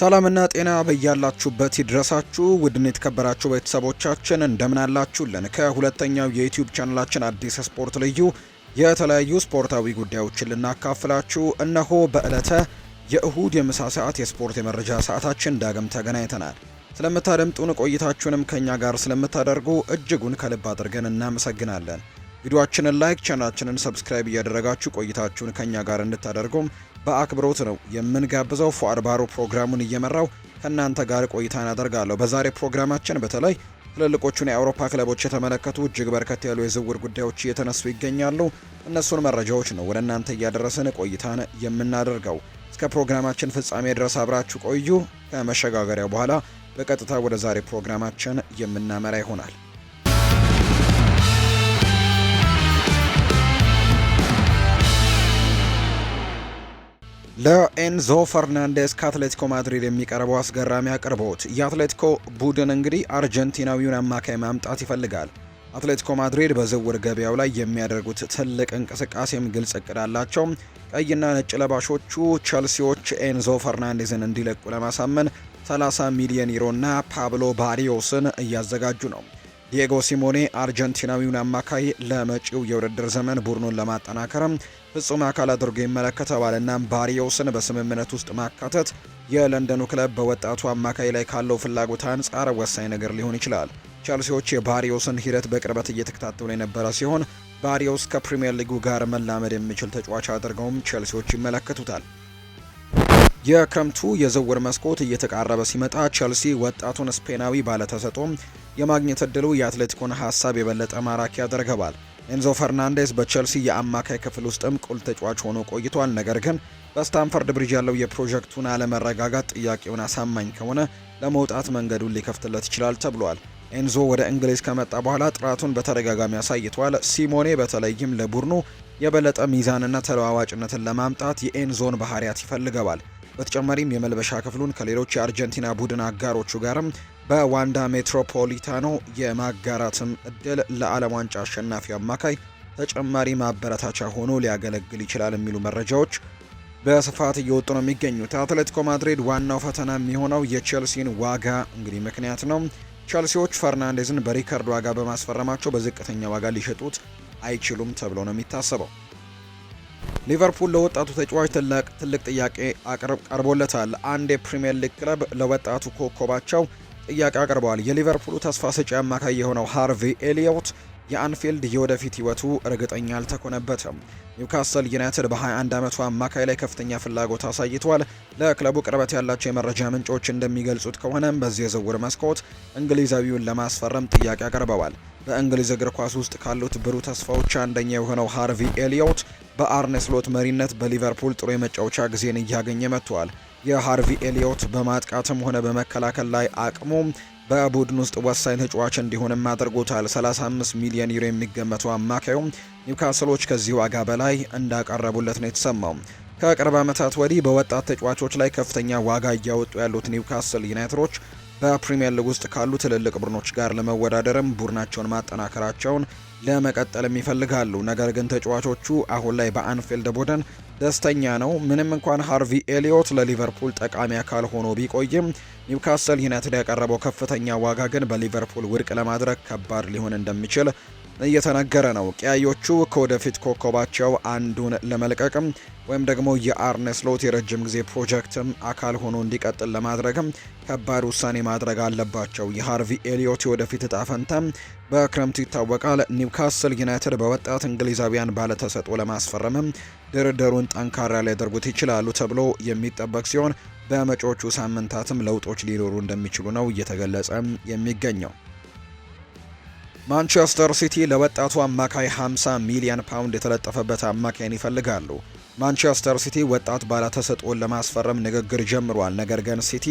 ሰላምና ጤና በያላችሁበት ይድረሳችሁ። ውድን የተከበራችሁ ቤተሰቦቻችን እንደምናላችሁልን ከሁለተኛው የዩቲዩብ ቻናላችን አዲስ ስፖርት ልዩ የተለያዩ ስፖርታዊ ጉዳዮችን ልናካፍላችሁ እነሆ በዕለተ የእሁድ የምሳ ሰዓት የስፖርት የመረጃ ሰዓታችን ዳግም ተገናኝተናል። ስለምታደምጡን ቆይታችሁንም ከእኛ ጋር ስለምታደርጉ እጅጉን ከልብ አድርገን እናመሰግናለን። ቪዲዮችንን ላይክ፣ ቻናላችንን ሰብስክራይብ እያደረጋችሁ ቆይታችሁን ከእኛ ጋር እንድታደርጉም በአክብሮት ነው የምንጋብዘው። ፉአድ ባሮ ፕሮግራሙን እየመራው ከእናንተ ጋር ቆይታን አደርጋለሁ። በዛሬ ፕሮግራማችን በተለይ ትልልቆቹን የአውሮፓ ክለቦች የተመለከቱ እጅግ በርከት ያሉ የዝውውር ጉዳዮች እየተነሱ ይገኛሉ። እነሱን መረጃዎች ነው ወደ እናንተ እያደረስን ቆይታን የምናደርገው። እስከ ፕሮግራማችን ፍጻሜ ድረስ አብራችሁ ቆዩ። ከመሸጋገሪያው በኋላ በቀጥታ ወደ ዛሬ ፕሮግራማችን የምናመራ ይሆናል። ለኤንዞ ፈርናንዴስ ከአትሌቲኮ ማድሪድ የሚቀርበው አስገራሚ አቅርቦት። የአትሌቲኮ ቡድን እንግዲህ አርጀንቲናዊውን አማካይ ማምጣት ይፈልጋል። አትሌቲኮ ማድሪድ በዝውውር ገበያው ላይ የሚያደርጉት ትልቅ እንቅስቃሴም ግልጽ እቅድ አላቸው። ቀይና ነጭ ለባሾቹ ቸልሲዎች ኤንዞ ፈርናንዴዝን እንዲለቁ ለማሳመን 30 ሚሊዮን ዩሮና ፓብሎ ባሪዮስን እያዘጋጁ ነው። ዲየጎ ሲሞኔ አርጀንቲናዊውን አማካይ ለመጪው የውድድር ዘመን ቡድኑን ለማጠናከርም ፍጹም አካል አድርጎ ይመለከተዋል። እናም ባሪዮስን በስምምነት ውስጥ ማካተት የለንደኑ ክለብ በወጣቱ አማካይ ላይ ካለው ፍላጎት አንጻር ወሳኝ ነገር ሊሆን ይችላል። ቸልሲዎች የባሪዮስን ሂደት በቅርበት እየተከታተሉ የነበረ ሲሆን ባሪዮስ ከፕሪምየር ሊጉ ጋር መላመድ የሚችል ተጫዋች አድርገውም ቸልሲዎች ይመለከቱታል። የክረምቱ የዝውውር መስኮት እየተቃረበ ሲመጣ ቸልሲ ወጣቱን ስፔናዊ ባለተሰጥኦ የማግኘት እድሉ የአትሌቲኮን ሀሳብ የበለጠ ማራኪ ያደርገዋል። ኤንዞ ፈርናንዴስ በቼልሲ የአማካይ ክፍል ውስጥም ቁል ተጫዋች ሆኖ ቆይቷል። ነገር ግን በስታንፈርድ ብሪጅ ያለው የፕሮጀክቱን አለመረጋጋት ጥያቄውን አሳማኝ ከሆነ ለመውጣት መንገዱን ሊከፍትለት ይችላል ተብሏል። ኤንዞ ወደ እንግሊዝ ከመጣ በኋላ ጥራቱን በተደጋጋሚ አሳይቷል። ሲሞኔ በተለይም ለቡድኑ የበለጠ ሚዛንና ተለዋዋጭነትን ለማምጣት የኤንዞን ባህሪያት ይፈልገዋል። በተጨማሪም የመልበሻ ክፍሉን ከሌሎች የአርጀንቲና ቡድን አጋሮቹ ጋርም በዋንዳ ሜትሮፖሊታኖ የማጋራትም እድል ለዓለም ዋንጫ አሸናፊ አማካይ ተጨማሪ ማበረታቻ ሆኖ ሊያገለግል ይችላል የሚሉ መረጃዎች በስፋት እየወጡ ነው የሚገኙት። አትሌቲኮ ማድሪድ ዋናው ፈተና የሚሆነው የቼልሲን ዋጋ እንግዲህ ምክንያት ነው። ቼልሲዎች ፈርናንዴዝን በሪከርድ ዋጋ በማስፈረማቸው በዝቅተኛ ዋጋ ሊሸጡት አይችሉም ተብሎ ነው የሚታሰበው። ሊቨርፑል ለወጣቱ ተጫዋች ትልቅ ትልቅ ጥያቄ ቀርቦለታል። አንድ የፕሪምየር ሊግ ክለብ ለወጣቱ ኮከባቸው ጥያቄ አቅርበዋል። የሊቨርፑሉ ተስፋ ሰጪ አማካይ የሆነው ሃርቪ ኤሊዮት የአንፊልድ የወደፊት ህይወቱ እርግጠኛ አልተኮነበትም። ኒውካስል ዩናይትድ በ21 ዓመቱ አማካይ ላይ ከፍተኛ ፍላጎት አሳይቷል። ለክለቡ ቅርበት ያላቸው የመረጃ ምንጮች እንደሚገልጹት ከሆነም በዚህ የዝውውር መስኮት እንግሊዛዊውን ለማስፈረም ጥያቄ አቀርበዋል። በእንግሊዝ እግር ኳስ ውስጥ ካሉት ብሩህ ተስፋዎች አንደኛ የሆነው ሃርቪ ኤሊዮት በአርኔስሎት መሪነት በሊቨርፑል ጥሩ የመጫወቻ ጊዜን እያገኘ መጥቷል። የሃርቪ ኤሊዮት በማጥቃትም ሆነ በመከላከል ላይ አቅሙ በቡድን ውስጥ ወሳኝ ተጫዋች እንዲሆንም አድርጎታል። 35 ሚሊዮን ዩሮ የሚገመቱ አማካዩ ኒውካስሎች ከዚህ ዋጋ በላይ እንዳቀረቡለት ነው የተሰማው። ከቅርብ ዓመታት ወዲህ በወጣት ተጫዋቾች ላይ ከፍተኛ ዋጋ እያወጡ ያሉት ኒውካስል ዩናይትዶች በፕሪምየር ሊግ ውስጥ ካሉ ትልልቅ ቡድኖች ጋር ለመወዳደርም ቡድናቸውን ማጠናከራቸውን ለመቀጠልም ይፈልጋሉ። ነገር ግን ተጫዋቾቹ አሁን ላይ በአንፊልድ ቡድን ደስተኛ ነው። ምንም እንኳን ሃርቪ ኤሊዮት ለሊቨርፑል ጠቃሚ አካል ሆኖ ቢቆይም ኒውካስል ዩናይትድ ያቀረበው ከፍተኛ ዋጋ ግን በሊቨርፑል ውድቅ ለማድረግ ከባድ ሊሆን እንደሚችል እየተነገረ ነው። ቀያዮቹ ከወደፊት ኮከባቸው አንዱን ለመልቀቅም ወይም ደግሞ የአርነ ስሎት የረጅም ጊዜ ፕሮጀክትም አካል ሆኖ እንዲቀጥል ለማድረግም ከባድ ውሳኔ ማድረግ አለባቸው። የሃርቪ ኤሊዮት የወደፊት እጣ ፈንታ በክረምቱ ይታወቃል። ኒውካስል ዩናይትድ በወጣት እንግሊዛውያን ባለተሰጥኦ ለማስፈረምም ድርድሩን ጠንካራ ሊያደርጉት ይችላሉ ተብሎ የሚጠበቅ ሲሆን በመጪዎቹ ሳምንታትም ለውጦች ሊኖሩ እንደሚችሉ ነው እየተገለጸ የሚገኘው። ማንቸስተር ሲቲ ለወጣቱ አማካይ 50 ሚሊዮን ፓውንድ የተለጠፈበት አማካይን ይፈልጋሉ። ማንቸስተር ሲቲ ወጣት ባለተሰጥኦን ለማስፈረም ንግግር ጀምሯል። ነገር ግን ሲቲ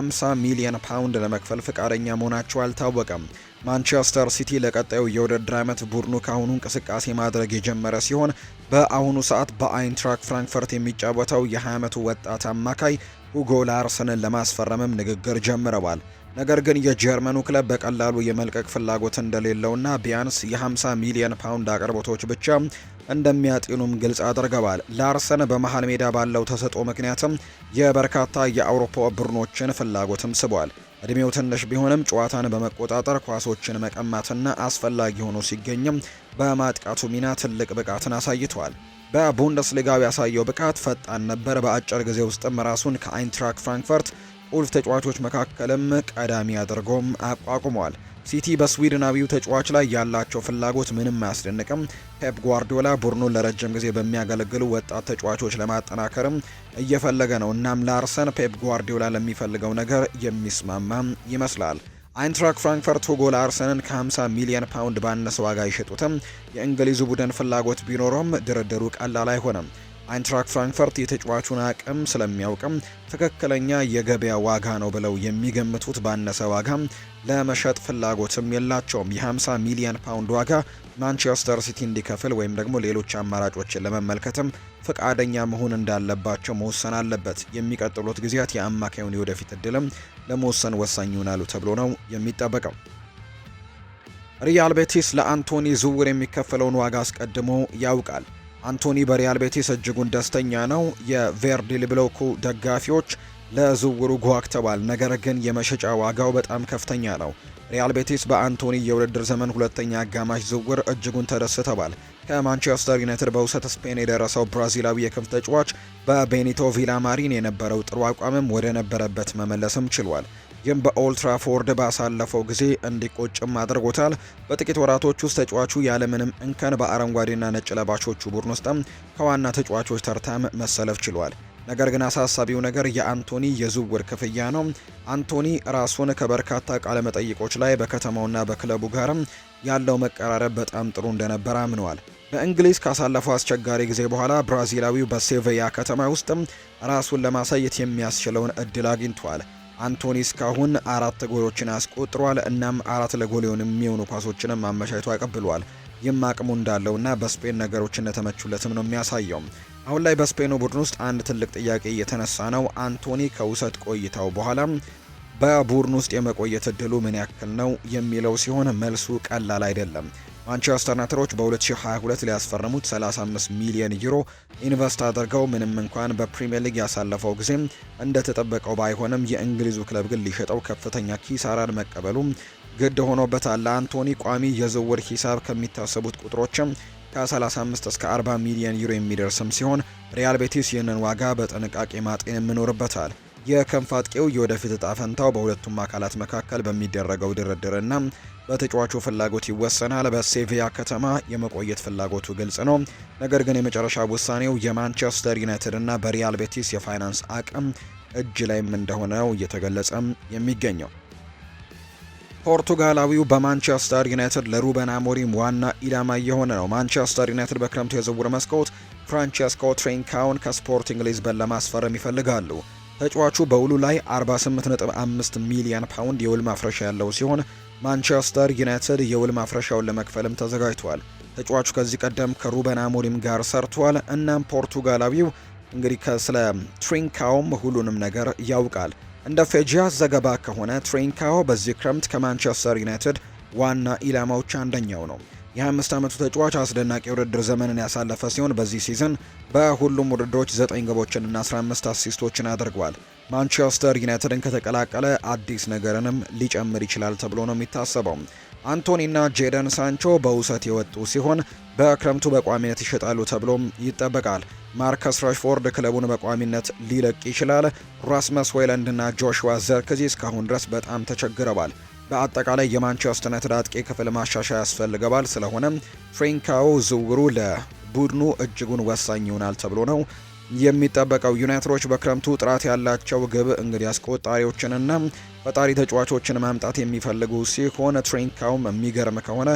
50 ሚሊዮን ፓውንድ ለመክፈል ፈቃደኛ መሆናቸው አልታወቀም። ማንቸስተር ሲቲ ለቀጣዩ የውድድር ዓመት ቡድኑ ከአሁኑ እንቅስቃሴ ማድረግ የጀመረ ሲሆን በአሁኑ ሰዓት በአይንትራክ ፍራንክፈርት የሚጫወተው የ20 ዓመቱ ወጣት አማካይ ሁጎ ላርሰንን ለማስፈረምም ንግግር ጀምረዋል። ነገር ግን የጀርመኑ ክለብ በቀላሉ የመልቀቅ ፍላጎት እንደሌለውና ቢያንስ የ50 ሚሊዮን ፓውንድ አቅርቦቶች ብቻ እንደሚያጤኑም ግልጽ አድርገዋል። ላርሰን በመሃል ሜዳ ባለው ተሰጥኦ ምክንያትም የበርካታ የአውሮፓ ቡድኖችን ፍላጎትም ስቧል። እድሜው ትንሽ ቢሆንም ጨዋታን በመቆጣጠር ኳሶችን መቀማትና አስፈላጊ ሆኖ ሲገኝም በማጥቃቱ ሚና ትልቅ ብቃትን አሳይቷል። በቡንደስሊጋው ያሳየው ብቃት ፈጣን ነበር። በአጭር ጊዜ ውስጥም ራሱን ከአይንትራክ ፍራንክፈርት ቁልፍ ተጫዋቾች መካከልም ቀዳሚ አድርጎም አቋቁመዋል። ሲቲ በስዊድናዊው ተጫዋች ላይ ያላቸው ፍላጎት ምንም አያስደንቅም። ፔፕ ጓርዲዮላ ቡድኑን ለረጅም ጊዜ በሚያገለግሉ ወጣት ተጫዋቾች ለማጠናከርም እየፈለገ ነው። እናም ላርሰን ፔፕ ጓርዲዮላ ለሚፈልገው ነገር የሚስማማ ይመስላል። አይንትራክ ፍራንክፈርት ሁጎ ላርሰንን ከ50 ሚሊዮን ፓውንድ ባነሰ ዋጋ አይሸጡትም። የእንግሊዙ ቡድን ፍላጎት ቢኖረውም ድርድሩ ቀላል አይሆንም። አይንትራክ ፍራንክፈርት የተጫዋቹን አቅም ስለሚያውቅም ትክክለኛ የገበያ ዋጋ ነው ብለው የሚገምቱት ባነሰ ዋጋ ለመሸጥ ፍላጎትም የላቸውም። የ50 ሚሊዮን ፓውንድ ዋጋ ማንቸስተር ሲቲ እንዲከፍል ወይም ደግሞ ሌሎች አማራጮችን ለመመልከትም ፈቃደኛ መሆን እንዳለባቸው መወሰን አለበት። የሚቀጥሉት ጊዜያት የአማካዩን የወደፊት እድልም ለመወሰን ወሳኝ ይሆናሉ ተብሎ ነው የሚጠበቀው። ሪያል ቤቲስ ለአንቶኒ ዝውውር የሚከፈለውን ዋጋ አስቀድሞ ያውቃል። አንቶኒ በሪያል ቤቲስ እጅጉን ደስተኛ ነው። የቬርዲ ልብሎኩ ደጋፊዎች ለዝውውሩ ጓግተዋል። ነገር ግን የመሸጫ ዋጋው በጣም ከፍተኛ ነው። ሪያል ቤቲስ በአንቶኒ የውድድር ዘመን ሁለተኛ አጋማሽ ዝውውር እጅጉን ተደስተዋል። ከማንቸስተር ዩናይትድ በውሰት ስፔን የደረሰው ብራዚላዊ የክንፍ ተጫዋች በቤኒቶ ቪላማሪን የነበረው ጥሩ አቋምም ወደ ነበረበት መመለስም ችሏል። ይህም በኦልትራፎርድ ባሳለፈው ጊዜ እንዲቆጭም አድርጎታል። በጥቂት ወራቶች ውስጥ ተጫዋቹ ያለምንም እንከን በአረንጓዴና ነጭ ለባሾቹ ቡድን ውስጥም ከዋና ተጫዋቾች ተርታም መሰለፍ ችሏል። ነገር ግን አሳሳቢው ነገር የአንቶኒ የዝውውር ክፍያ ነው። አንቶኒ ራሱን ከበርካታ ቃለመጠይቆች ላይ በከተማውና በክለቡ ጋርም ያለው መቀራረብ በጣም ጥሩ እንደነበረ አምነዋል። በእንግሊዝ ካሳለፈው አስቸጋሪ ጊዜ በኋላ ብራዚላዊው በሴቬያ ከተማ ውስጥም ራሱን ለማሳየት የሚያስችለውን እድል አግኝቷል። አንቶኒ እስካሁን አራት ጎሎችን አስቆጥሯል። እናም አራት ለጎል የሚሆኑ ኳሶችንም አመቻችቶ አቀብሏል። ይህም አቅሙ እንዳለውና በስፔን ነገሮች እንደተመቹለትም ነው የሚያሳየው። አሁን ላይ በስፔኑ ቡድን ውስጥ አንድ ትልቅ ጥያቄ እየተነሳ ነው። አንቶኒ ከውሰት ቆይታው በኋላ በቡድን ውስጥ የመቆየት እድሉ ምን ያክል ነው የሚለው ሲሆን መልሱ ቀላል አይደለም። ማንቸስተር ዩናይትዶች በ2022 ሊያስፈርሙት 35 ሚሊዮን ዩሮ ኢንቨስት አድርገው ምንም እንኳን በፕሪምየር ሊግ ያሳለፈው ጊዜም እንደተጠበቀው ባይሆንም የእንግሊዙ ክለብ ግን ሊሸጠው ከፍተኛ ኪሳራን መቀበሉ ግድ ሆኖበታል። ለአንቶኒ ቋሚ የዝውውር ሂሳብ ከሚታሰቡት ቁጥሮችም ከ35 እስከ 40 ሚሊዮን ዩሮ የሚደርስም ሲሆን ሪያል ቤቲስ ይህንን ዋጋ በጥንቃቄ ማጤን የምኖርበታል። የከንፍ አጥቂው የወደፊት እጣ ፈንታው በሁለቱም አካላት መካከል በሚደረገው ድርድርና በተጫዋቹ ፍላጎት ይወሰናል። በሴቪያ ከተማ የመቆየት ፍላጎቱ ግልጽ ነው። ነገር ግን የመጨረሻ ውሳኔው የማንቸስተር ዩናይትድ እና በሪያል ቤቲስ የፋይናንስ አቅም እጅ ላይም እንደሆነው እየተገለጸ የሚገኘው ፖርቱጋላዊው በማንቸስተር ዩናይትድ ለሩበን አሞሪም ዋና ኢላማ እየሆነ ነው። ማንቸስተር ዩናይትድ በክረምቱ የዝውውር መስኮት ፍራንቸስኮ ትሬንካውን ከስፖርቲንግ ሊዝበን ለማስፈረም ይፈልጋሉ። ተጫዋቹ በውሉ ላይ 48.5 ሚሊዮን ፓውንድ የውል ማፍረሻ ያለው ሲሆን ማንቸስተር ዩናይትድ የውል ማፍረሻውን ለመክፈልም ተዘጋጅቷል። ተጫዋቹ ከዚህ ቀደም ከሩበን አሞሪም ጋር ሰርቷል። እናም ፖርቱጋላዊው እንግዲህ ከስለ ትሪንካውም ሁሉንም ነገር ያውቃል። እንደ ፌጂያ ዘገባ ከሆነ ትሪንካው በዚህ ክረምት ከማንቸስተር ዩናይትድ ዋና ኢላማዎች አንደኛው ነው። የ25 ዓመቱ ተጫዋች አስደናቂ የውድድር ዘመንን ያሳለፈ ሲሆን በዚህ ሲዝን በሁሉም ውድድሮች 9 ግቦችንና 15 አሲስቶችን አድርጓል። ማንቸስተር ዩናይትድን ከተቀላቀለ አዲስ ነገርንም ሊጨምር ይችላል ተብሎ ነው የሚታሰበው። አንቶኒና ጄደን ሳንቾ በውሰት የወጡ ሲሆን በክረምቱ በቋሚነት ይሸጣሉ ተብሎም ይጠበቃል። ማርከስ ራሽፎርድ ክለቡን በቋሚነት ሊለቅ ይችላል። ራስመስ ሆይለንድና ጆሽዋ ዘርክዚ እስካሁን ድረስ በጣም ተቸግረዋል። በአጠቃላይ የማንቸስተር ዩናይትድ አጥቂ ክፍል ማሻሻያ ያስፈልገዋል። ስለሆነም ፍሬንካው ዝውውሩ ለቡድኑ እጅጉን ወሳኝ ይሆናል ተብሎ ነው የሚጠበቀው። ዩናይትዶች በክረምቱ ጥራት ያላቸው ግብ እንግዲህ አስቆጣሪዎችንና ፈጣሪ ተጫዋቾችን ማምጣት የሚፈልጉ ሲሆን ትሬንካውም የሚገርም ከሆነ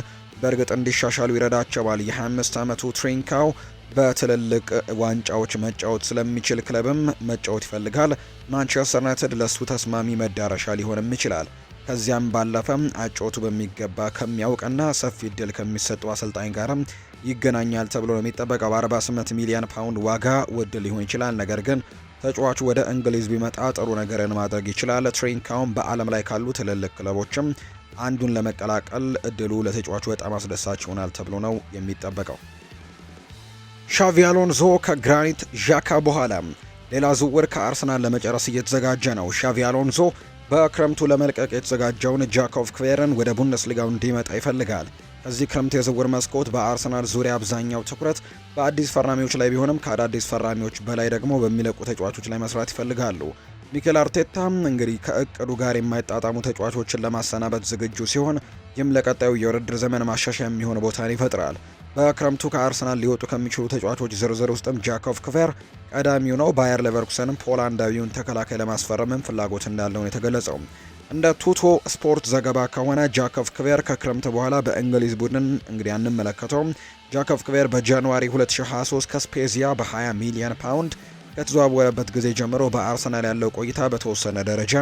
በእርግጥ እንዲሻሻሉ ይረዳቸዋል። የ25 ዓመቱ ትሬንካው በትልልቅ ዋንጫዎች መጫወት ስለሚችል ክለብም መጫወት ይፈልጋል። ማንቸስተር ዩናይትድ ለሱ ተስማሚ መዳረሻ ሊሆንም ይችላል። ከዚያም ባለፈ አጮቱ በሚገባ ከሚያውቅና ሰፊ እድል ከሚሰጡ አሰልጣኝ ጋርም ይገናኛል ተብሎ ነው የሚጠበቀው። በ48 ሚሊዮን ፓውንድ ዋጋ ውድ ሊሆን ይችላል፣ ነገር ግን ተጫዋቹ ወደ እንግሊዝ ቢመጣ ጥሩ ነገርን ማድረግ ይችላል። ትሬንካውን በዓለም ላይ ካሉ ትልልቅ ክለቦችም አንዱን ለመቀላቀል እድሉ ለተጫዋቹ በጣም አስደሳች ይሆናል ተብሎ ነው የሚጠበቀው። ሻቪ አሎንዞ ከግራኒት ዣካ በኋላ ሌላ ዝውውር ከአርሰናል ለመጨረስ እየተዘጋጀ ነው። ሻቪ አሎንዞ በክረምቱ ለመልቀቅ የተዘጋጀውን ጃኮቭ ክቬርን ወደ ቡንደስሊጋው እንዲመጣ ይፈልጋል። እዚህ ክረምት የዝውውር መስኮት በአርሰናል ዙሪያ አብዛኛው ትኩረት በአዲስ ፈራሚዎች ላይ ቢሆንም ከአዳዲስ ፈራሚዎች በላይ ደግሞ በሚለቁ ተጫዋቾች ላይ መስራት ይፈልጋሉ። ሚኬል አርቴታ እንግዲህ ከእቅዱ ጋር የማይጣጣሙ ተጫዋቾችን ለማሰናበት ዝግጁ ሲሆን ይህም ለቀጣዩ የውድድር ዘመን ማሻሻያ የሚሆን ቦታን ይፈጥራል። በክረምቱ ከአርሰናል ሊወጡ ከሚችሉ ተጫዋቾች ዝርዝር ውስጥም ጃኮቭ ክቨር ቀዳሚው ነው። ባየር ሌቨርኩሰንም ፖላንዳዊውን ተከላካይ ለማስፈረምም ፍላጎት እንዳለውን የተገለጸው። እንደ ቱቶ ስፖርት ዘገባ ከሆነ ጃኮቭ ክቬር ከክረምት በኋላ በእንግሊዝ ቡድን እንግዲህ አንመለከተውም። ጃኮቭ ክቬር በጃንዋሪ 2023 ከስፔዚያ በ20 ሚሊዮን ፓውንድ ከተዘዋወረበት ጊዜ ጀምሮ በአርሰናል ያለው ቆይታ በተወሰነ ደረጃ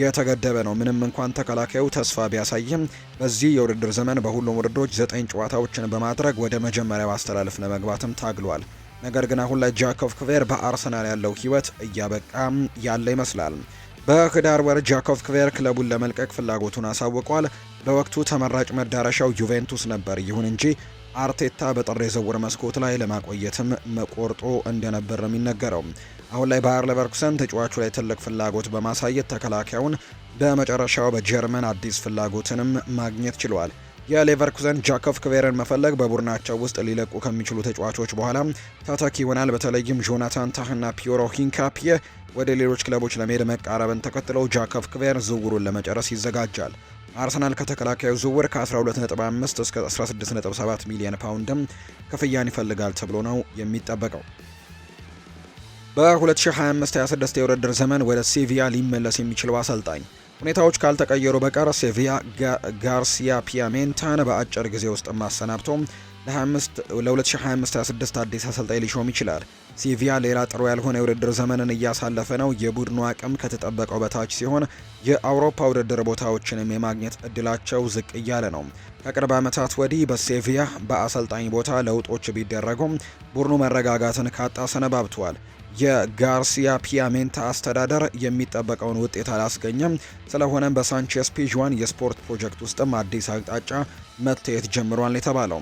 የተገደበ ነው። ምንም እንኳን ተከላካዩ ተስፋ ቢያሳይም በዚህ የውድድር ዘመን በሁሉም ውድድሮች ዘጠኝ ጨዋታዎችን በማድረግ ወደ መጀመሪያው አስተላለፍ ለመግባትም ታግሏል። ነገር ግን አሁን ላይ ጃኮቭ ክቬር በአርሰናል ያለው ህይወት እያበቃ ያለ ይመስላል። በህዳር ወር ጃኮቭ ክቬር ክለቡን ለመልቀቅ ፍላጎቱን አሳውቋል። በወቅቱ ተመራጭ መዳረሻው ዩቬንቱስ ነበር። ይሁን እንጂ አርቴታ በጥር የዝውውር መስኮት ላይ ለማቆየትም መቆርጦ እንደነበር ነው የሚነገረው። አሁን ላይ ባየር ሌቨርኩሰን ተጫዋቹ ላይ ትልቅ ፍላጎት በማሳየት ተከላካዩን በመጨረሻው በጀርመን አዲስ ፍላጎትንም ማግኘት ችሏል። የሌቨርኩዘን ጃኮቭ ክቬረን መፈለግ በቡድናቸው ውስጥ ሊለቁ ከሚችሉ ተጫዋቾች በኋላ ተተኪ ይሆናል። በተለይም ጆናታን ታህና ፒዮሮ ሂንካፒየ ወደ ሌሎች ክለቦች ለመሄድ መቃረብን ተከትለው ጃኮቭ ክቬር ዝውውሩን ለመጨረስ ይዘጋጃል። አርሰናል ከተከላካዩ ዝውውር ከ12.5 እስከ 16.7 ሚሊዮን ፓውንድም ክፍያን ይፈልጋል ተብሎ ነው የሚጠበቀው። በ2025-26 የውድድር ዘመን ወደ ሴቪያ ሊመለስ የሚችለው አሰልጣኝ ሁኔታዎች ካልተቀየሩ በቀር ሴቪያ ጋርሲያ ፒያሜንታን በአጭር ጊዜ ውስጥ ማሰናብቶም ለ2025/26 አዲስ አሰልጣኝ ሊሾም ይችላል። ሲቪያ ሌላ ጥሩ ያልሆነ የውድድር ዘመንን እያሳለፈ ነው። የቡድኑ አቅም ከተጠበቀው በታች ሲሆን፣ የአውሮፓ ውድድር ቦታዎችንም የማግኘት እድላቸው ዝቅ እያለ ነው። ከቅርብ ዓመታት ወዲህ በሴቪያ በአሰልጣኝ ቦታ ለውጦች ቢደረጉም ቡድኑ መረጋጋትን ካጣ ሰነባብተዋል። የጋርሲያ ፒያሜንታ አስተዳደር የሚጠበቀውን ውጤት አላስገኘም። ስለሆነም በሳንቼስ ፒዥዋን የስፖርት ፕሮጀክት ውስጥም አዲስ አቅጣጫ መታየት ጀምሯል የተባለው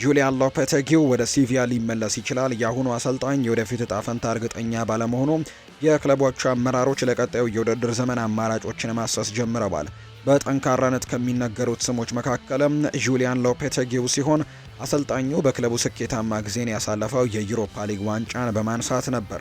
ጁሊያን ሎፔቴጊው ወደ ሲቪያ ሊመለስ ይችላል። የአሁኑ አሰልጣኝ የወደፊት እጣ ፈንታ እርግጠኛ ባለመሆኑ የክለቦቹ አመራሮች ለቀጣዩ የውድድር ዘመን አማራጮችን ማሰስ ጀምረዋል። በጠንካራነት ከሚነገሩት ስሞች መካከልም ጁሊያን ሎፔቴጊው ሲሆን አሰልጣኙ በክለቡ ስኬታማ ጊዜን ያሳለፈው የዩሮፓ ሊግ ዋንጫን በማንሳት ነበር።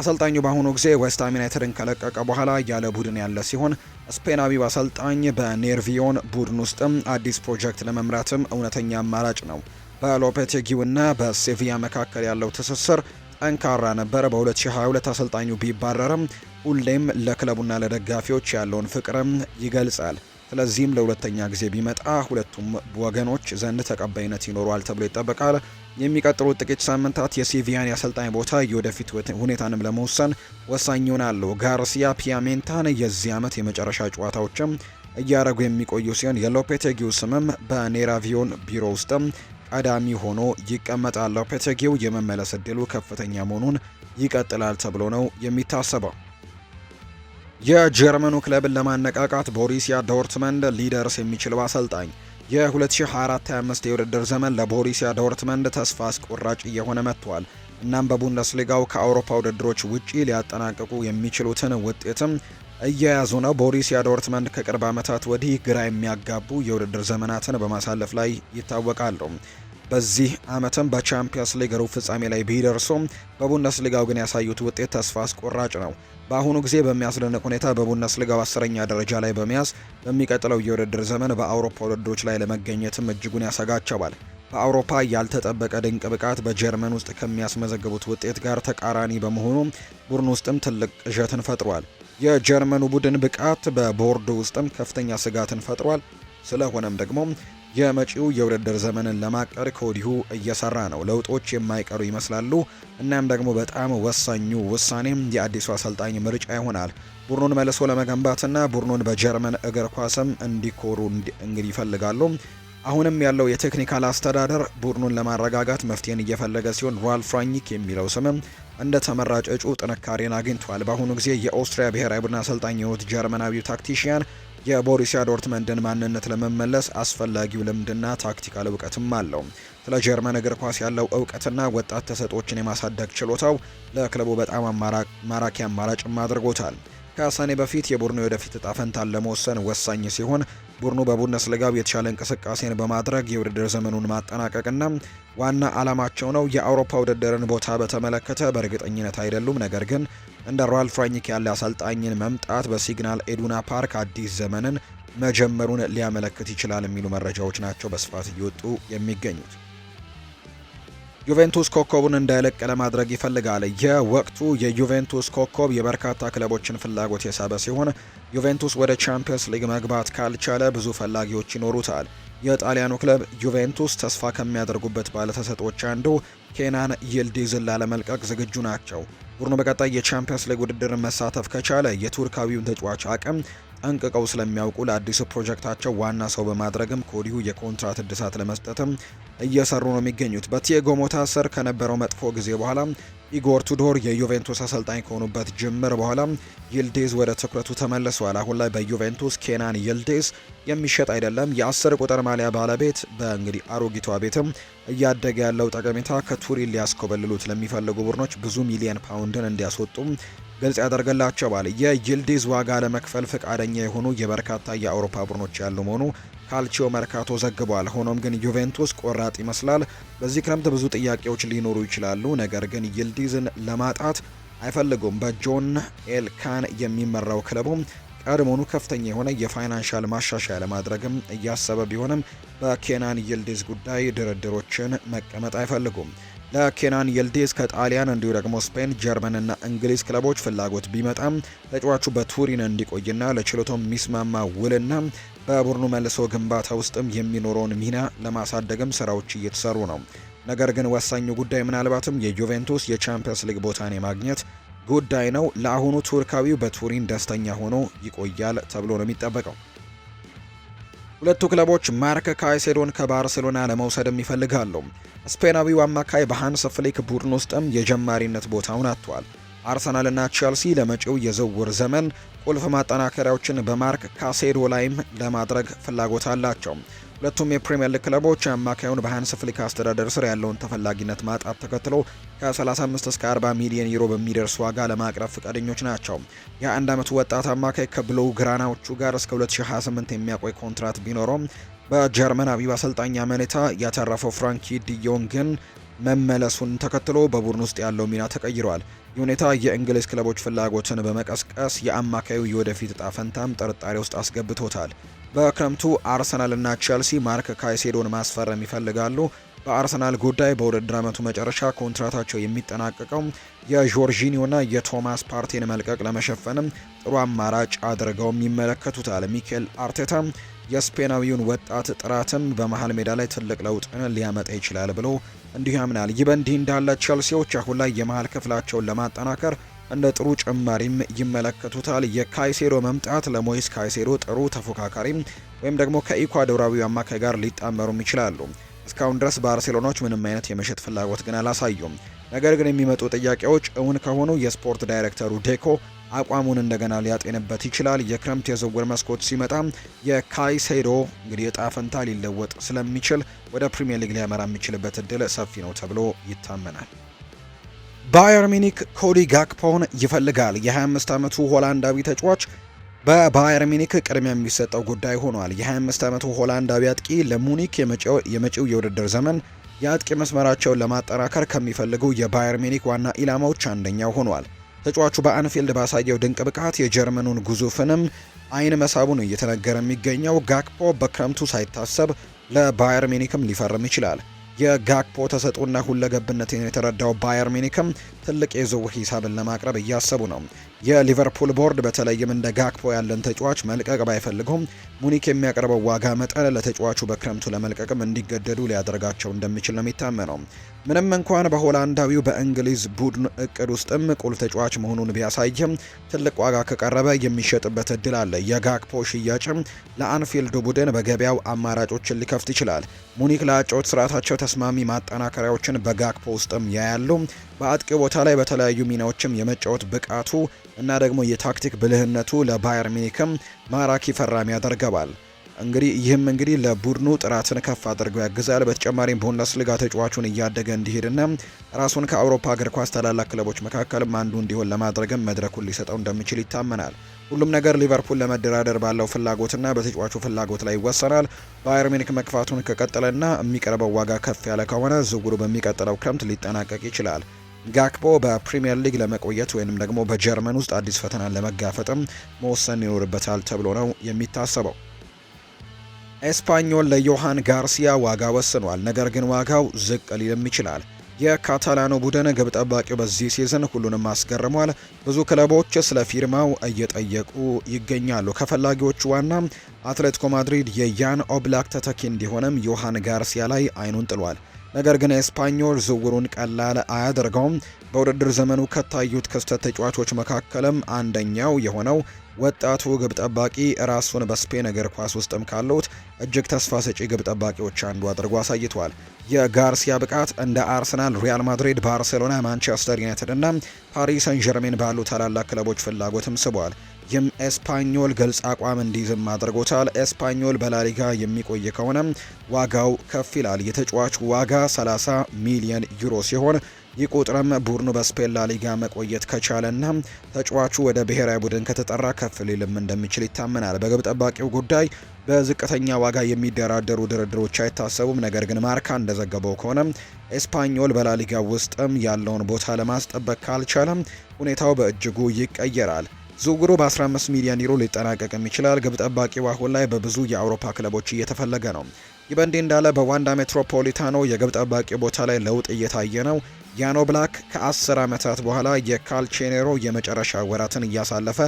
አሰልጣኙ በአሁኑ ጊዜ ዌስትሃም ዩናይትድን ከለቀቀ በኋላ ያለ ቡድን ያለ ሲሆን ስፔናዊው አሰልጣኝ በኔርቪዮን ቡድን ውስጥም አዲስ ፕሮጀክት ለመምራትም እውነተኛ አማራጭ ነው። በሎፔቴጊውና በሴቪያ መካከል ያለው ትስስር ጠንካራ ነበር። በ2022 አሰልጣኙ ቢባረርም ሁሌም ለክለቡና ለደጋፊዎች ያለውን ፍቅርም ይገልጻል። ስለዚህም ለሁለተኛ ጊዜ ቢመጣ ሁለቱም ወገኖች ዘንድ ተቀባይነት ይኖረዋል ተብሎ ይጠበቃል። የሚቀጥሉት ጥቂት ሳምንታት የሲቪያን የአሰልጣኝ ቦታ የወደፊት ሁኔታንም ለመወሰን ወሳኝ ይሆናሉ። ጋርሲያ ፒያሜንታን የዚህ ዓመት የመጨረሻ ጨዋታዎችም እያደረጉ የሚቆዩ ሲሆን የሎፔቴጊው ስምም በኔራቪዮን ቢሮ ውስጥም ቀዳሚ ሆኖ ይቀመጣል። ሎፔቴጊው የመመለስ እድሉ ከፍተኛ መሆኑን ይቀጥላል ተብሎ ነው የሚታሰበው። የጀርመኑ ክለብን ለማነቃቃት ቦሪሲያ ዶርትመንድ ሊደርስ የሚችለው አሰልጣኝ የ2024/25 የውድድር ዘመን ለቦሪሲያ ዶርትመንድ ተስፋ አስቆራጭ እየሆነ መጥቷል። እናም በቡንደስሊጋው ከአውሮፓ ውድድሮች ውጪ ሊያጠናቅቁ የሚችሉትን ውጤትም እየያዙ ነው። ቦሪሲያ ዶርትመንድ ከቅርብ ዓመታት ወዲህ ግራ የሚያጋቡ የውድድር ዘመናትን በማሳለፍ ላይ ይታወቃሉ። በዚህ ዓመትም በቻምፒየንስ ሊግ ሩብ ፍጻሜ ላይ ቢደርሱም በቡንደስሊጋው ግን ያሳዩት ውጤት ተስፋ አስቆራጭ ነው። በአሁኑ ጊዜ በሚያስደንቅ ሁኔታ በቡንደስሊጋው አስረኛ ደረጃ ላይ በመያዝ በሚቀጥለው የውድድር ዘመን በአውሮፓ ውድድሮች ላይ ለመገኘትም እጅጉን ያሰጋቸዋል። በአውሮፓ ያልተጠበቀ ድንቅ ብቃት በጀርመን ውስጥ ከሚያስመዘግቡት ውጤት ጋር ተቃራኒ በመሆኑ ቡድን ውስጥም ትልቅ ቅዠትን ፈጥሯል። የጀርመኑ ቡድን ብቃት በቦርዶ ውስጥም ከፍተኛ ስጋትን ፈጥሯል። ስለሆነም ደግሞ የመጪው የውድድር ዘመንን ለማቀድ ከወዲሁ እየሰራ ነው። ለውጦች የማይቀሩ ይመስላሉ። እናም ደግሞ በጣም ወሳኙ ውሳኔም የአዲሱ አሰልጣኝ ምርጫ ይሆናል። ቡድኑን መልሶ ለመገንባትና ቡድኑን በጀርመን እግር ኳስም እንዲኮሩ እንግዲህ ይፈልጋሉ። አሁንም ያለው የቴክኒካል አስተዳደር ቡድኑን ለማረጋጋት መፍትሄን እየፈለገ ሲሆን ራልፍ ራኒክ የሚለው ስምም እንደ ተመራጭ እጩ ጥንካሬን አግኝቷል። በአሁኑ ጊዜ የኦስትሪያ ብሔራዊ ቡድን አሰልጣኝ የሆኑት ጀርመናዊው ታክቲሽያን የቦሪሲያ ዶርትመንድን ማንነት ለመመለስ አስፈላጊው ልምድና ታክቲካል እውቀትም አለው። ስለ ጀርመን እግር ኳስ ያለው እውቀትና ወጣት ተሰጦችን የማሳደግ ችሎታው ለክለቡ በጣም ማራኪ አማራጭም አድርጎታል። ከሳኔ በፊት የቡድኑ የወደፊት እጣ ፈንታን ለመወሰን ወሳኝ ሲሆን ቡድኑ በቡንደስሊጋው የተሻለ እንቅስቃሴን በማድረግ የውድድር ዘመኑን ማጠናቀቅና ዋና ዓላማቸው ነው። የአውሮፓ ውድድርን ቦታ በተመለከተ በእርግጠኝነት አይደሉም፣ ነገር ግን እንደ ሮያል ፍራኝክ ያለ አሰልጣኝን መምጣት በሲግናል ኤዱና ፓርክ አዲስ ዘመንን መጀመሩን ሊያመለክት ይችላል የሚሉ መረጃዎች ናቸው በስፋት እየወጡ የሚገኙት። ዩቬንቱስ ኮከቡን እንዳይለቅ ለማድረግ ይፈልጋል። የወቅቱ የዩቬንቱስ ኮከብ የበርካታ ክለቦችን ፍላጎት የሳበ ሲሆን ዩቬንቱስ ወደ ቻምፒየንስ ሊግ መግባት ካልቻለ ብዙ ፈላጊዎች ይኖሩታል። የጣሊያኑ ክለብ ዩቬንቱስ ተስፋ ከሚያደርጉበት ባለተሰጦች አንዱ ኬናን ይልዲዝን ላለመልቀቅ ዝግጁ ናቸው። ቡድኑ በቀጣይ የቻምፒየንስ ሊግ ውድድር መሳተፍ ከቻለ የቱርካዊውን ተጫዋች አቅም ጠንቅቀው ስለሚያውቁ ለአዲሱ ፕሮጀክታቸው ዋና ሰው በማድረግም ከወዲሁ የኮንትራት እድሳት ለመስጠትም እየሰሩ ነው የሚገኙት። በቲያጎ ሞታ ስር ከነበረው መጥፎ ጊዜ በኋላ ኢጎር ቱዶር የዩቬንቱስ አሰልጣኝ ከሆኑበት ጅምር በኋላ ይልዴዝ ወደ ትኩረቱ ተመልሷል። አሁን ላይ በዩቬንቱስ ኬናን ይልዴዝ የሚሸጥ አይደለም። የአስር ቁጥር ማሊያ ባለቤት በእንግዲህ አሮጊቷ ቤትም እያደገ ያለው ጠቀሜታ ከቱሪን ሊያስኮበልሉት ለሚፈልጉ ቡድኖች ብዙ ሚሊየን ፓውንድን እንዲያስወጡም ግልጽ ያደርግላቸዋል። የይልዴዝ ዋጋ ለመክፈል ፈቃደኛ የሆኑ የበርካታ የአውሮፓ ቡድኖች ያሉ መሆኑ ካልቺዮ መርካቶ ዘግቧል። ሆኖም ግን ዩቬንቱስ ቆራጥ ይመስላል። በዚህ ክረምት ብዙ ጥያቄዎች ሊኖሩ ይችላሉ፣ ነገር ግን ይልዲዝን ለማጣት አይፈልጉም። በጆን ኤልካን የሚመራው ክለቡም ቀድሞኑ ከፍተኛ የሆነ የፋይናንሻል ማሻሻያ ለማድረግም እያሰበ ቢሆንም በኬናን ይልዲዝ ጉዳይ ድርድሮችን መቀመጥ አይፈልጉም። ለኬናን የልዴዝ ከጣሊያን እንዲሁ ደግሞ ስፔን፣ ጀርመንና እንግሊዝ ክለቦች ፍላጎት ቢመጣም ተጫዋቹ በቱሪን እንዲቆይና ለችሎታው የሚስማማ ውልና በቡድኑ መልሶ ግንባታ ውስጥም የሚኖረውን ሚና ለማሳደግም ስራዎች እየተሰሩ ነው። ነገር ግን ወሳኙ ጉዳይ ምናልባትም የዩቬንቱስ የቻምፒየንስ ሊግ ቦታን የማግኘት ጉዳይ ነው። ለአሁኑ ቱርካዊው በቱሪን ደስተኛ ሆኖ ይቆያል ተብሎ ነው የሚጠበቀው። ሁለቱ ክለቦች ማርክ ካይሴዶን ከባርሴሎና ለመውሰድም ይፈልጋሉ። ስፔናዊው አማካይ በሃንስ ፍሊክ ቡድን ውስጥም የጀማሪነት ቦታውን አጥቷል። አርሰናልና ቼልሲ ለመጪው የዝውውር ዘመን ቁልፍ ማጠናከሪያዎችን በማርክ ካሴዶ ላይም ለማድረግ ፍላጎት አላቸው። ሁለቱም የፕሪምየር ሊግ ክለቦች አማካዩን በሃንስ ፍሊክ አስተዳደር ስር ያለውን ተፈላጊነት ማጣት ተከትሎ ከ35 እስከ 40 ሚሊዮን ዩሮ በሚደርስ ዋጋ ለማቅረብ ፍቃደኞች ናቸው። የአንድ ዓመቱ ወጣት አማካይ ከብሉ ግራናዎቹ ጋር እስከ 2028 የሚያቆይ ኮንትራት ቢኖረውም አቢብ አሰልጣኝ አመኔታ ያተረፈው ፍራንኪ ዲዮንግን መመለሱን ተከትሎ በቡድን ውስጥ ያለው ሚና ተቀይሯል። ይህ ሁኔታ የእንግሊዝ ክለቦች ፍላጎትን በመቀስቀስ የአማካዩ የወደፊት እጣ ፈንታም ጥርጣሬ ውስጥ አስገብቶታል። በክረምቱ አርሰናልና ቼልሲ ማርክ ካይሴዶን ማስፈረም ይፈልጋሉ። በአርሰናል ጉዳይ በውድድር ዓመቱ መጨረሻ ኮንትራታቸው የሚጠናቀቀው የጆርጂኒዮና የቶማስ ፓርቴን መልቀቅ ለመሸፈንም ጥሩ አማራጭ አድርገውም ይመለከቱታል። ሚኬል አርቴታ የስፔናዊውን ወጣት ጥራትም በመሀል ሜዳ ላይ ትልቅ ለውጥን ሊያመጣ ይችላል ብሎ እንዲሁ ያምናል። ይህ በእንዲህ እንዳለ ቸልሲዎች አሁን ላይ የመሀል ክፍላቸውን ለማጠናከር እንደ ጥሩ ጭማሪም ይመለከቱታል። የካይሴዶ መምጣት ለሞይስ ካይሴዶ ጥሩ ተፎካካሪም ወይም ደግሞ ከኢኳዶራዊ አማካይ ጋር ሊጣመሩም ይችላሉ። እስካሁን ድረስ ባርሴሎናዎች ምንም አይነት የመሸጥ ፍላጎት ግን አላሳዩም። ነገር ግን የሚመጡ ጥያቄዎች እውን ከሆኑ የስፖርት ዳይሬክተሩ ዴኮ አቋሙን እንደገና ሊያጤንበት ይችላል። የክረምት የዝውውር መስኮት ሲመጣ የካይሴዶ እንግዲህ እጣ ፈንታ ሊለወጥ ስለሚችል ወደ ፕሪምየር ሊግ ሊያመራ የሚችልበት እድል ሰፊ ነው ተብሎ ይታመናል። ባየር ሚኒክ ኮዲ ጋክፖን ይፈልጋል። የ25 ዓመቱ ሆላንዳዊ ተጫዋች በባየር ሚኒክ ቅድሚያ የሚሰጠው ጉዳይ ሆኗል። የ25 ዓመቱ ሆላንዳዊ አጥቂ ለሙኒክ የመጪው የውድድር ዘመን የአጥቂ መስመራቸውን ለማጠናከር ከሚፈልጉ የባየር ሚኒክ ዋና ኢላማዎች አንደኛው ሆኗል። ተጫዋቹ በአንፊልድ ባሳየው ድንቅ ብቃት የጀርመኑን ግዙፍንም አይን መሳቡን እየተነገረ የሚገኘው ጋክፖ በክረምቱ ሳይታሰብ ለባየር ሚኒክም ሊፈርም ይችላል። የጋክፖ ተሰጥኦና ሁለገብነትን የተረዳው ባየር ሚኒክም ትልቅ የዝውውር ሂሳብን ለማቅረብ እያሰቡ ነው። የሊቨርፑል ቦርድ በተለይም እንደ ጋክፖ ያለን ተጫዋች መልቀቅ ባይፈልገውም ሙኒክ የሚያቀርበው ዋጋ መጠን ለተጫዋቹ በክረምቱ ለመልቀቅም እንዲገደዱ ሊያደርጋቸው እንደሚችል ነው የሚታመነው። ምንም እንኳን በሆላንዳዊው በእንግሊዝ ቡድን እቅድ ውስጥም ቁልፍ ተጫዋች መሆኑን ቢያሳይም ትልቅ ዋጋ ከቀረበ የሚሸጥበት እድል አለ። የጋክፖ ሽያጭም ለአንፊልድ ቡድን በገበያው አማራጮችን ሊከፍት ይችላል። ሙኒክ ለአጨዋወት ስርዓታቸው ተስማሚ ማጠናከሪያዎችን በጋክፖ ውስጥም ያያሉ። በአጥቂ ቦታ ላይ በተለያዩ ሚናዎችም የመጫወት ብቃቱ እና ደግሞ የታክቲክ ብልህነቱ ለባየር ሚኒክም ማራኪ ፈራሚ ያደርገዋል። እንግዲህ ይህም እንግዲህ ለቡድኑ ጥራትን ከፍ አድርጎ ያግዛል። በተጨማሪም ቡንደስሊጋ ተጫዋቹን እያደገ እንዲሄድና ራሱን ከአውሮፓ እግር ኳስ ታላላቅ ክለቦች መካከልም አንዱ እንዲሆን ለማድረግም መድረኩን ሊሰጠው እንደሚችል ይታመናል። ሁሉም ነገር ሊቨርፑል ለመደራደር ባለው ፍላጎትና በተጫዋቹ ፍላጎት ላይ ይወሰናል። ባየር ሚኒክ መክፋቱን ከቀጠለና የሚቀርበው ዋጋ ከፍ ያለ ከሆነ ዝውውሩ በሚቀጥለው ክረምት ሊጠናቀቅ ይችላል። ጋክፖ በፕሪምየር ሊግ ለመቆየት ወይንም ደግሞ በጀርመን ውስጥ አዲስ ፈተናን ለመጋፈጥም መወሰን ይኖርበታል ተብሎ ነው የሚታሰበው። ኤስፓኞል ለዮሃን ጋርሲያ ዋጋ ወስኗል፣ ነገር ግን ዋጋው ዝቅ ሊልም ይችላል። የካታላኑ ቡድን ግብ ጠባቂው በዚህ ሲዝን ሁሉንም አስገርሟል። ብዙ ክለቦች ስለ ፊርማው እየጠየቁ ይገኛሉ። ከፈላጊዎቹ ዋና አትሌቲኮ ማድሪድ የያን ኦብላክ ተተኪ እንዲሆንም ዮሃን ጋርሲያ ላይ አይኑን ጥሏል። ነገር ግን ኤስፓኞል ዝውውሩን ቀላል አያደርገውም። በውድድር ዘመኑ ከታዩት ክስተት ተጫዋቾች መካከልም አንደኛው የሆነው ወጣቱ ግብ ጠባቂ ራሱን በስፔን እግር ኳስ ውስጥም ካሉት እጅግ ተስፋ ሰጪ ግብ ጠባቂዎች አንዱ አድርጎ አሳይቷል። የጋርሲያ ብቃት እንደ አርሰናል፣ ሪያል ማድሪድ፣ ባርሴሎና፣ ማንቸስተር ዩናይትድ እና ፓሪስ ሰን ጀርሜን ባሉ ታላላቅ ክለቦች ፍላጎትም ስቧል። ይህም ኤስፓኞል ግልጽ አቋም እንዲይዝም አድርጎታል። ኤስፓኞል በላሊጋ የሚቆይ ከሆነ ዋጋው ከፍ ይላል። የተጫዋች ዋጋ 30 ሚሊዮን ዩሮ ሲሆን ይህ ቁጥርም ቡድኑ በስፔን ላሊጋ መቆየት ከቻለና ተጫዋቹ ወደ ብሔራዊ ቡድን ከተጠራ ከፍ ሊልም እንደሚችል ይታመናል። በግብ ጠባቂው ጉዳይ በዝቅተኛ ዋጋ የሚደራደሩ ድርድሮች አይታሰቡም። ነገር ግን ማርካ እንደዘገበው ከሆነ ኤስፓኞል በላሊጋ ውስጥም ያለውን ቦታ ለማስጠበቅ ካልቻለም ሁኔታው በእጅጉ ይቀየራል። ዝውውሩ በ15 ሚሊዮን ዩሮ ሊጠናቀቅም ይችላል። ግብ ጠባቂው አሁን ላይ በብዙ የአውሮፓ ክለቦች እየተፈለገ ነው። ይህ በእንዲህ እንዳለ በዋንዳ ሜትሮፖሊታኖ የግብ ጠባቂ ቦታ ላይ ለውጥ እየታየ ነው። ያኖ ብላክ ከ10 ዓመታት በኋላ የካልቼኔሮ የመጨረሻ ወራትን እያሳለፈ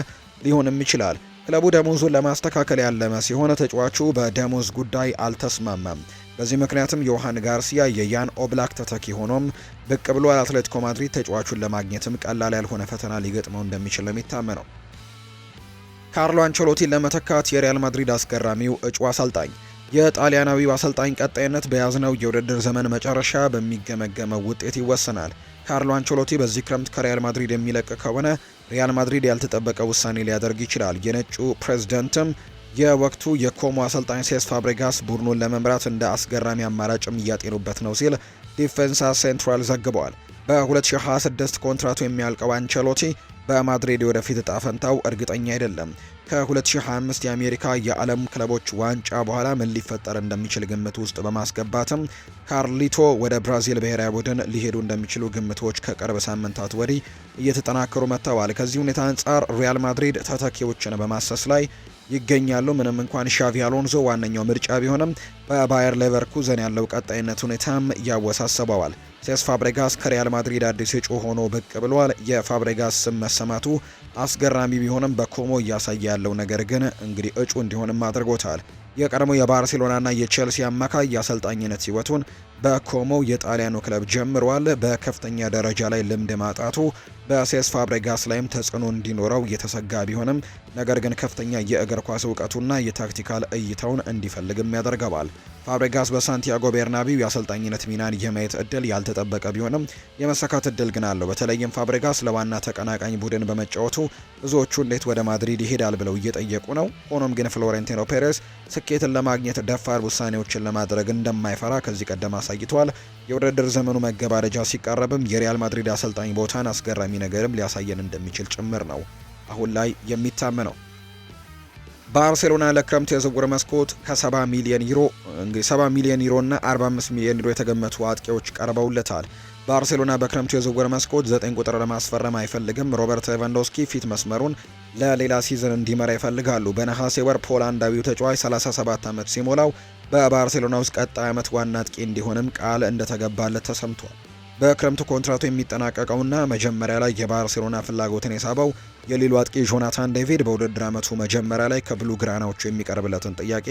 ሊሆንም ይችላል። ክለቡ ደሞዙን ለማስተካከል ያለመ ሲሆን ተጫዋቹ በደሞዝ ጉዳይ አልተስማማም። በዚህ ምክንያትም ዮሐን ጋርሲያ የያን ኦብላክ ተተኪ ሆኖም ብቅ ብሎ አትሌቲኮ ማድሪድ ተጫዋቹን ለማግኘትም ቀላል ያልሆነ ፈተና ሊገጥመው እንደሚችል የሚታመነው ካርሎ አንቸሎቲን ለመተካት የሪያል ማድሪድ አስገራሚው እጩ አሰልጣኝ የጣሊያናዊው አሰልጣኝ ቀጣይነት በያዝነው የውድድር ዘመን መጨረሻ በሚገመገመው ውጤት ይወሰናል። ካርሎ አንቸሎቲ በዚህ ክረምት ከሪያል ማድሪድ የሚለቅ ከሆነ ሪያል ማድሪድ ያልተጠበቀ ውሳኔ ሊያደርግ ይችላል። የነጩ ፕሬዝደንትም የወቅቱ የኮሞ አሰልጣኝ ሴስ ፋብሪጋስ ቡድኑን ለመምራት እንደ አስገራሚ አማራጭም እያጤኑበት ነው ሲል ዲፌንሳ ሴንትራል ዘግቧል። በ2026 ኮንትራቱ የሚያልቀው አንቸሎቲ በማድሪድ ወደፊት እጣ ፈንታው እርግጠኛ አይደለም። ከ2025 የአሜሪካ የዓለም ክለቦች ዋንጫ በኋላ ምን ሊፈጠር እንደሚችል ግምት ውስጥ በማስገባትም ካርሊቶ ወደ ብራዚል ብሔራዊ ቡድን ሊሄዱ እንደሚችሉ ግምቶች ከቅርብ ሳምንታት ወዲህ እየተጠናከሩ መጥተዋል። ከዚህ ሁኔታ አንጻር ሪያል ማድሪድ ተተኪዎችን በማሰስ ላይ ይገኛሉ። ምንም እንኳን ሻቪ አሎንዞ ዋነኛው ምርጫ ቢሆንም በባየር ሌቨርኩዘን ያለው ቀጣይነት ሁኔታም ያወሳሰበዋል። ሴስ ፋብሬጋስ ከሪያል ማድሪድ አዲስ እጩ ሆኖ ብቅ ብሏል። የፋብሬጋስ ስም መሰማቱ አስገራሚ ቢሆንም በኮሞ እያሳየ ያለው ነገር ግን እንግዲህ እጩ እንዲሆንም አድርጎታል። የቀድሞ የባርሴሎናና የቼልሲ አማካይ የአሰልጣኝነት ህይወቱን በኮሞ የጣሊያኑ ክለብ ጀምሯል። በከፍተኛ ደረጃ ላይ ልምድ ማጣቱ በሴስ ፋብሬጋስ ላይም ተጽዕኖ እንዲኖረው እየተሰጋ ቢሆንም ነገር ግን ከፍተኛ የእግር ኳስ እውቀቱና የታክቲካል እይታውን እንዲፈልግም ያደርገዋል። ፋብሬጋስ በሳንቲያጎ ቤርናቢው የአሰልጣኝነት ሚናን የማየት እድል ያልተጠበቀ ቢሆንም የመሳካት እድል ግን አለው። በተለይም ፋብሬጋስ ለዋና ተቀናቃኝ ቡድን በመጫወቱ ብዙዎቹ እንዴት ወደ ማድሪድ ይሄዳል ብለው እየጠየቁ ነው። ሆኖም ግን ፍሎሬንቲኖ ፔሬስ ስኬትን ለማግኘት ደፋር ውሳኔዎችን ለማድረግ እንደማይፈራ ከዚህ ቀደም አሳይቷል። የውድድር ዘመኑ መገባደጃ ሲቃረብም የሪያል ማድሪድ አሰልጣኝ ቦታን አስገራሚ ነገርም ሊያሳየን እንደሚችል ጭምር ነው አሁን ላይ የሚታመነው። ባርሴሎና ለክረምት የዝውውር መስኮት ከ70 ሚሊዮን ዩሮ እንግዲህ 70 ሚሊዮን ዩሮ እና 45 ሚሊዮን ዩሮ የተገመቱ አጥቂዎች ቀርበውለታል። ባርሴሎና በክረምቱ የዝውውር መስኮት 9 ቁጥር ለማስፈረም አይፈልግም። ሮበርት ሌቫንዶስኪ ፊት መስመሩን ለሌላ ሲዝን እንዲመራ ይፈልጋሉ። በነሐሴ ወር ፖላንዳዊው ተጫዋች 37 ዓመት ሲሞላው በባርሴሎና ውስጥ ቀጣይ ዓመት ዋና አጥቂ እንዲሆንም ቃል እንደተገባለት ተሰምቷል። በክረምቱ ኮንትራቱ የሚጠናቀቀውና መጀመሪያ ላይ የባርሴሎና ፍላጎትን የሳበው የሊሉ አጥቂ ጆናታን ዴቪድ በውድድር ዓመቱ መጀመሪያ ላይ ከብሉ ግራናዎቹ የሚቀርብለትን ጥያቄ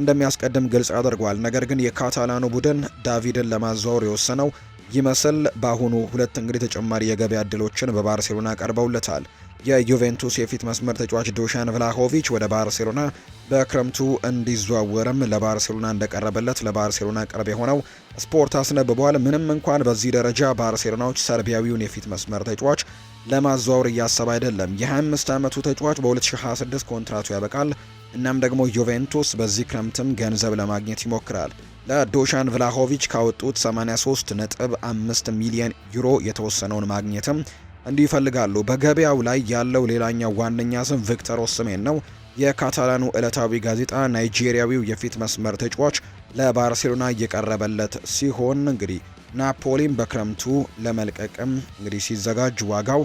እንደሚያስቀድም ግልጽ አድርጓል። ነገር ግን የካታላኑ ቡድን ዳቪድን ለማዘዋወር የወሰነው ይመስል በአሁኑ ሁለት እንግዲህ ተጨማሪ የገበያ እድሎችን በባርሴሎና ቀርበውለታል። የዩቬንቱስ የፊት መስመር ተጫዋች ዶሻን ቭላሆቪች ወደ ባርሴሎና በክረምቱ እንዲዘዋወርም ለባርሴሎና እንደቀረበለት ለባርሴሎና ቅርብ የሆነው ስፖርት አስነብቧል። ምንም እንኳን በዚህ ደረጃ ባርሴሎናዎች ሰርቢያዊውን የፊት መስመር ተጫዋች ለማዘዋወር እያሰብ አይደለም። የ25 ዓመቱ ተጫዋች በ2026 ኮንትራቱ ያበቃል። እናም ደግሞ ዩቬንቱስ በዚህ ክረምትም ገንዘብ ለማግኘት ይሞክራል። ለዶሻን ቭላሆቪች ካወጡት 83.5 ሚሊዮን ዩሮ የተወሰነውን ማግኘትም እንዲህ ይፈልጋሉ። በገበያው ላይ ያለው ሌላኛው ዋነኛ ስም ቪክተር ኦስሜን ነው። የካታላኑ ዕለታዊ ጋዜጣ ናይጄሪያዊው የፊት መስመር ተጫዋች ለባርሴሎና እየቀረበለት ሲሆን እንግዲህ ናፖሊን በክረምቱ ለመልቀቅም እንግዲህ ሲዘጋጅ ዋጋው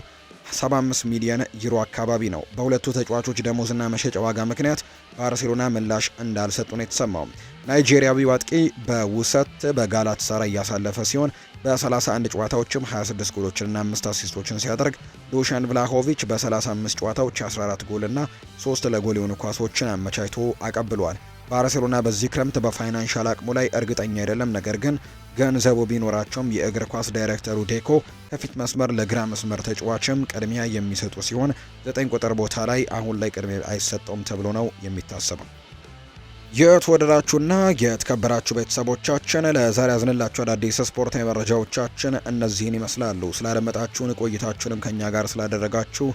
75 ሚሊዮን ዩሮ አካባቢ ነው። በሁለቱ ተጫዋቾች ደሞዝና መሸጫ ዋጋ ምክንያት ባርሴሎና ምላሽ እንዳልሰጡ ነው የተሰማው። ናይጄሪያዊው አጥቂ በውሰት በጋላት ሰራ እያሳለፈ ሲሆን በ31 ጨዋታዎችም 26 ጎሎችንና 5 አሲስቶችን ሲያደርግ ዱሻን ቭላሆቪች በ35 ጨዋታዎች 14 ጎልና 3 ለጎል የሆኑ ኳሶችን አመቻችቶ አቀብሏል። ባርሴሎና በዚህ ክረምት በፋይናንሻል አቅሙ ላይ እርግጠኛ አይደለም። ነገር ግን ገንዘቡ ቢኖራቸውም የእግር ኳስ ዳይሬክተሩ ዴኮ ከፊት መስመር ለግራ መስመር ተጫዋችም ቅድሚያ የሚሰጡ ሲሆን ዘጠኝ ቁጥር ቦታ ላይ አሁን ላይ ቅድሚያ አይሰጠውም ተብሎ ነው የሚታሰበው። የተወደዳችሁና የተከበራችሁ ቤተሰቦቻችን ለዛሬ ያዝንላችሁ አዳዲስ ስፖርታዊ መረጃዎቻችን እነዚህን ይመስላሉ። ስላደመጣችሁን ቆይታችሁንም ከእኛ ጋር ስላደረጋችሁ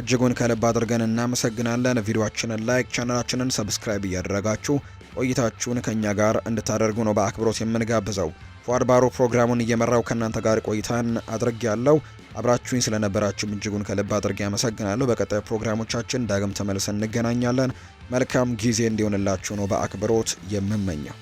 እጅጉን ከልብ አድርገን እናመሰግናለን። ቪዲዮችንን ላይክ፣ ቻናላችንን ሰብስክራይብ እያደረጋችሁ ቆይታችሁን ከእኛ ጋር እንድታደርጉ ነው በአክብሮት የምንጋብዘው። ፏድባሮ ፕሮግራሙን እየመራው ከእናንተ ጋር ቆይታን አድርግ ያለው አብራችሁኝ ስለነበራችሁም እጅጉን ከልብ አድርጌ አመሰግናለሁ። በቀጣይ ፕሮግራሞቻችን ዳግም ተመልሰን እንገናኛለን። መልካም ጊዜ እንዲሆንላችሁ ነው በአክብሮት የምመኘው።